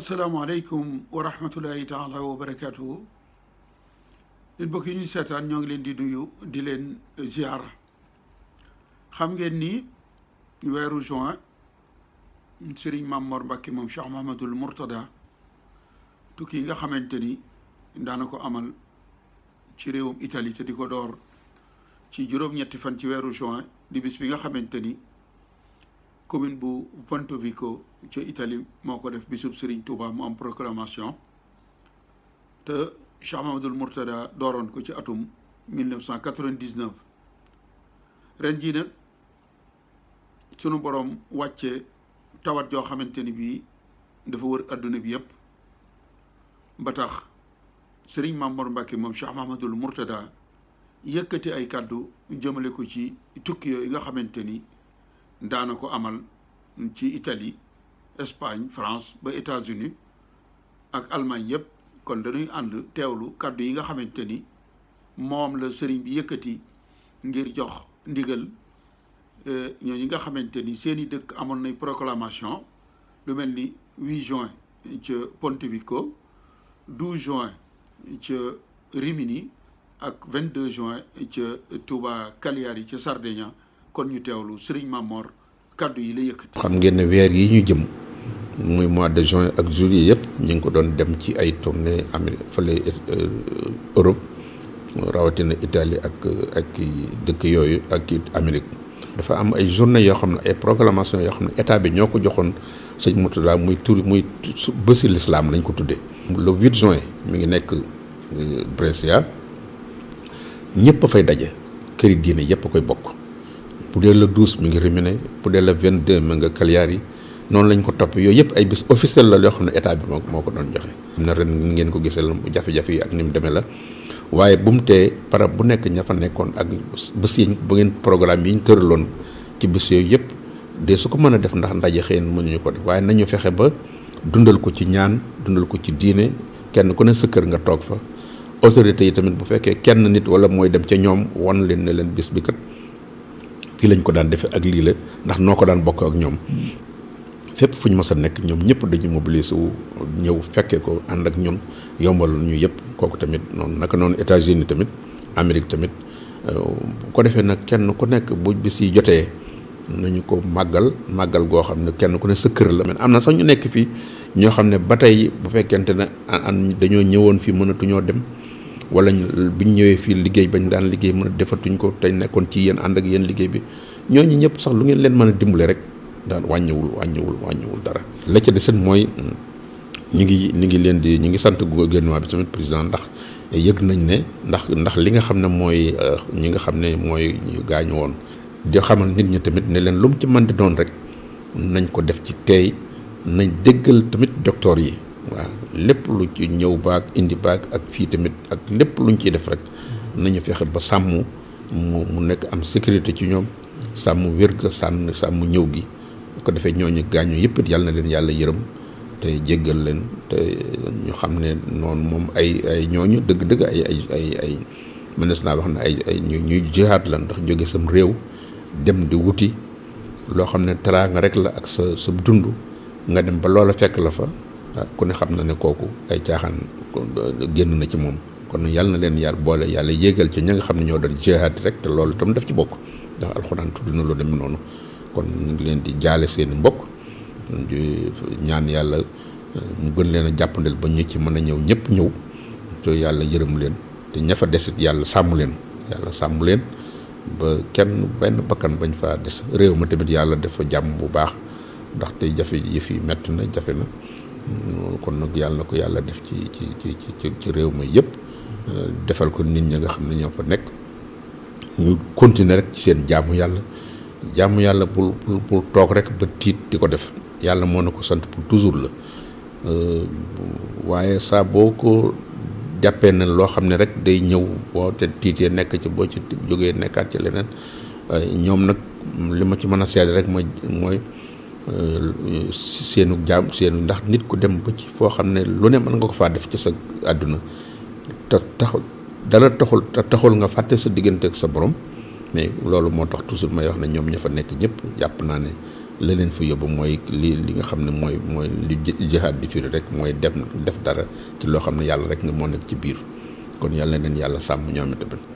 السلام علeykum wa rahmatullahi taala wa barakatuhu yéen mbokk yi ñuy seetaan ñoo ngi leen di nuyu di leen ziara xam ngeen ni weeru juin Serigne Mame Mor Mbacke moom Cheikh Mahamadul Mourtada tukki yi nga xamante ni daana ko amal ci réewum Italie te di ko door ci juróom-ñetti fan ci weeru juin di bis bi nga xamante ni commune bu Pontevico ci Italie moo ko def bisub Serigne Touba mu am proclamation te Cheikh Mamadou Mourtada dooroon ko ci atum 1999 ren jii nag sunu borom wàcce tawat joo xamante ni bii dafa wër àdduna bi yépp ba tax Serigne Mamor Mbacke moom Cheikh Mamadou Mourtada yëkkati ay kàddu jëmale ko ci tukki yooyu nga xamante ni daana ko amal ci Italie Espagne France ba États-Unis ak Allemagne yëpp kon dañuy and teewlu kàddu yi nga xamante ni moom la sëriñ bi yëkkati ngir jox ndigal e, ñooñu nga xamante ni seeni dëkk amoon nañ proclamation lu mel ni 8 juin ca Pontevico 12 juin ca Rimini ak 22 juin ca Touba Cagliari ca Sardaigne, kon ñu teewlu sëriñ Mamor kàddu yi la yëkkati. xam ngeen ne weer yi ñu jëm. muy mois de juin ak juillet yëpp ñu ngi ko doon dem ci ay tournée amé fële euh, Europe rawatina Italie ak ak dëkk yooyu ak Amérique. dafa am ay journée yoo xam ne ay proclamation yoo xam ne état bi ñoo ko joxoon sëñ Mourtada muy tur muy bési lislaam lañ ko tuddee. le 8 juin mi ngi nekk euh, Brescia ñëpp a fay daje këri diine yëpp a koy bokk bu dee le 12 mi ngi Rimini bu dee le 22 mi nga Cagliari yi non lañ ko top yoy yep ay bis officiel la yo xamne état bi moko don ko joxe na ren ngeen ko gissel jafe-jafe ak nim démé la waye bu mu para bu nek ña fa nekkon ak bis yi bu ngeen programme yi ñu tëraloon ci bis yoy yep dé su ko mëna def ndax ndaje xeen mënu ñu ko def waye nañu fexé ba dundal ko ci ñaan dundal ko ci diiné kenn ku ne sa kër nga tok fa autorité yi tamit bu fekkee kenn nit wala moy dem ci ñom won leen ne leen bis bi kat fi lañ ko daan def ak li la ndax noko daan bokk ak ñom fépp fu ñu mës a nekk ñoom ñëpp dañuy mobiliser wu ñëw fekkee ko ànd ak ñun yombal ñu yëpp kooku tamit noonu naka noonu États-Unis tamit Amérique tamit euh, bu ko defee nag kenn ku nekk bu bis yi jotee nañu ko màggal màggal goo xam ne kenn ku ne sa kër la. mais am na sax ñu nekk fii ñoo xam ne ba tey bu fekkente ne dañoo ñëwoon fii mënatuñoo dem. wala biñ ñëwee fii liggéey bañ daan liggéey mën a defatuñ ko tey nekkoon ci yéen ànd ak yéen liggéey bi ñooñu ñëpp sax lu ngeen leen mën a dimbale rek daan wàññiwul wàññiwul wàññiwul dara la ca deset mooy ñi ngi ñi ngi leen di ñi ngi sant gouvernement bi tamit président ndax yëg nañ ne ndax ndax li nga xam ne mooy euh, ñi nga xam ne mooy ñu gaañu woon di xamal nit ñi tamit ne leen lu mu ci mën di doon rek nañ ko def ci teey nañ déggal tamit docteur yi waa lépp lu ci ñëw baag indi baag ak fii tamit ak lépp lu luñ ciy def rek nañu fexe ba sàmm mu mu nekk am sécurité ci ñoom sàmm wér ga sàmm sàmm ñëw gi ko defee ñooñu gaañu yëpp it yàlla na leen yàlla yërëm te jéggal leen te ñu xam ne noonu moom ay ay ñooñu dëgg-dëgg ay ay ay ay mënees naa wax ne ay ay ñu ñuy jihaat la ndax jóge sam réew dem di wuti loo xam ne teraanga rek la ak sa sa dund nga dem ba loola fekk la fa ah, ku ne xam na ne kooku ay caaxaan génn na ci moom kon yàlla na leen yàlla boole yàlla yéegal ci ña nga xam ne ñoo doon jihaat rek te loolu tam def ci bokk ndax alxuraan tudd na lu dem noonu kon leen di jaale seen mbokk di ñaan yàlla mu gën leen a jàppandel ba ñu ci mën a ñëw ñëpp ñëw te yàlla yërëm leen te ña fa desit yàlla sàmm leen yàlla sàmm leen ba kenn benn bakkan bañ faa des réew ma tamit yàlla def fa jàmm bu baax ndaxte jafe yëf yi metti na jafe na kon nag yàlla na ko yàlla def ci ci ci ci ci réew ma yëpp defal ko nit ñi nga xam ne ñoo fa nekk ñu continuer rek ci seen jaamu yàlla jamu yalla pour pour pour tok rek ba tit di def yalla mo nako sante pour toujours la euh waye sa boko jàppee na loo xam rek day ñew bo te tiitee nek ci bo ci jógee nekkat ci leneen ñom nak lima ci mën a rek moy moy euh senu jaam senu ndax nit ku dem ba ci fo xam lu ne man nga ko fa def ci sa aduna ta tax dara taxul taxul nga fàtte sa diggante ak sa borom mais loolu moo tax toujours may wax ne ñoom ña fa nekk ñëpp jàpp naa ne la leen fa yóbbu mooy li li nga xam ne mooy mooy li jihaad di firi rek mooy dem def dara ci loo xam ne yàlla rek nga moo nekk ci biir kon yàlla na yàlla sàmm ñoom itamit